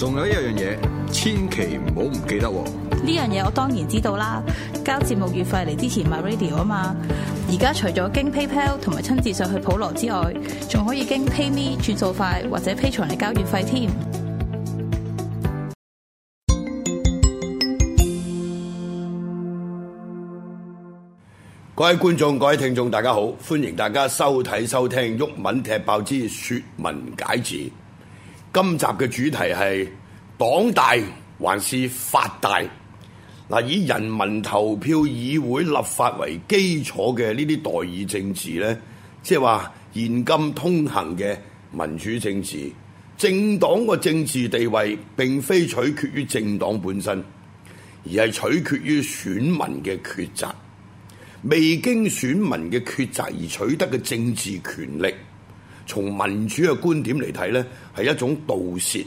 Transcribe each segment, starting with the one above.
仲有一樣嘢，千祈唔好唔記得。呢樣嘢我當然知道啦，交節目月費嚟之前 m radio 啊嘛。而家除咗經 PayPal 同埋親自上去普羅之外，仲可以經 PayMe 轉數快或者 Pay 財嚟交月費添。各位觀眾，各位聽眾，大家好，歡迎大家收睇收聽《鬱文踢爆之説文解字》。今集嘅主題係黨大還是法大？嗱，以人民投票議會立法為基礎嘅呢啲代議政治咧，即係話現今通行嘅民主政治。政黨嘅政治地位並非取決於政黨本身，而係取決於選民嘅抉擇。未經選民嘅抉擇而取得嘅政治權力，從民主嘅觀點嚟睇呢，係一種盜竊。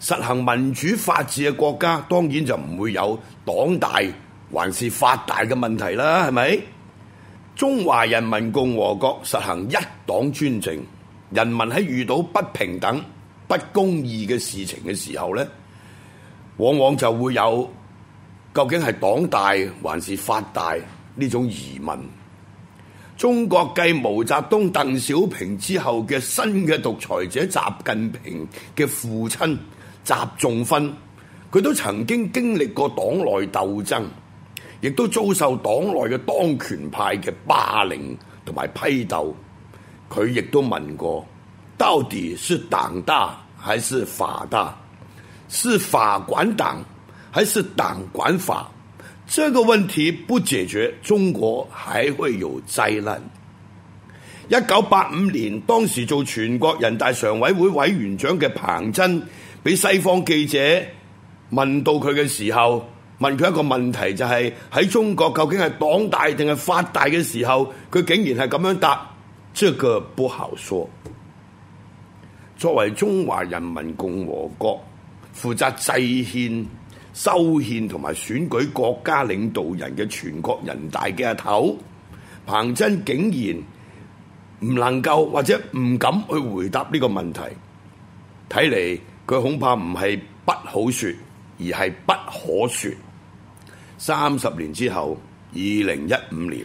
實行民主法治嘅國家，當然就唔會有黨大還是法大嘅問題啦，係咪？中華人民共和國實行一黨專政，人民喺遇到不平等、不公義嘅事情嘅時候呢，往往就會有究竟係黨大還是法大呢種疑問。中國繼毛澤東、鄧小平之後嘅新嘅獨裁者習近平嘅父親習仲勳，佢都曾經經歷過黨內鬥爭，亦都遭受黨內嘅當權派嘅霸凌同埋批鬥。佢亦都問過，到底是黨大還是法大？是法管黨，還是黨管法？這個問題不解決，中國還會有災難。一九八五年，當時做全國人大常委會委員長嘅彭真，俾西方記者問到佢嘅時候，問佢一個問題就係、是、喺中國究竟係黨大定係法大嘅時候，佢竟然係咁樣答，即、這、係個不好說。作爲中華人民共和國負責制憲。修憲同埋選舉國家領導人嘅全國人大嘅阿頭，彭真竟然唔能夠或者唔敢去回答呢個問題，睇嚟佢恐怕唔係不好說，而係不可說。三十年之後，二零一五年，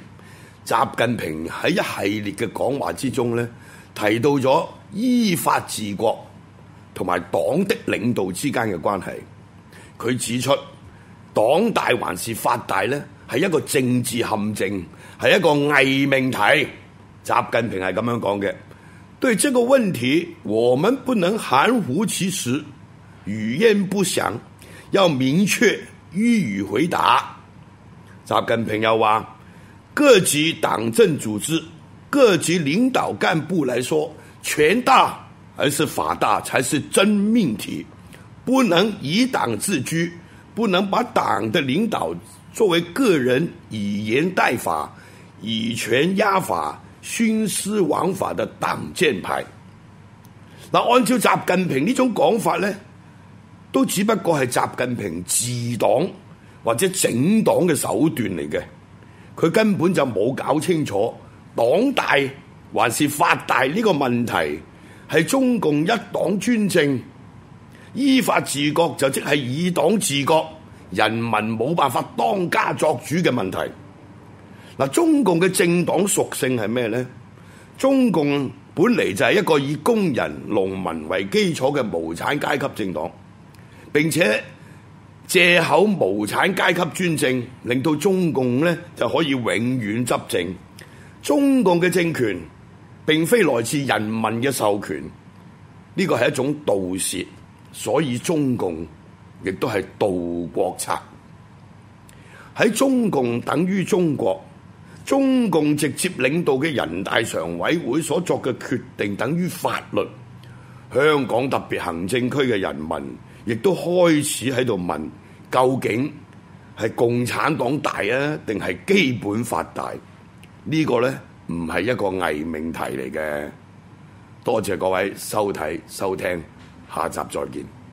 習近平喺一系列嘅講話之中呢，提到咗依法治國同埋黨的領導之間嘅關係。佢指出，黨大還是法大呢？係一個政治陷阱，係一個偽命題。習近平係咁樣講嘅，對這個問題，我們不能含糊其辭、語焉不詳，要明確予以回答。習近平又話：各級黨政組織、各級領導幹部來說，權大還是法大，才是真命題。不能以黨自居，不能把黨的領導作為個人以言代法、以權壓法、徇私枉法的擋箭牌。嗱，按照習近平呢種講法呢，都只不過係習近平治黨或者整黨嘅手段嚟嘅，佢根本就冇搞清楚黨大還是法大呢個問題，係中共一黨專政。依法治國就即係以黨治國，人民冇辦法當家作主嘅問題。嗱、啊，中共嘅政黨屬性係咩呢？中共本嚟就係一個以工人、農民為基礎嘅無產階級政黨，並且借口無產階級專政，令到中共呢就可以永遠執政。中共嘅政權並非來自人民嘅授權，呢個係一種盜竊。所以中共亦都係盜國策，喺中共等於中國，中共直接領導嘅人大常委會所作嘅決定等於法律。香港特別行政區嘅人民亦都開始喺度問：究竟係共產黨大啊，定係基本法大？呢個呢，唔係一個偽命題嚟嘅。多謝各位收睇收聽。下一集再見。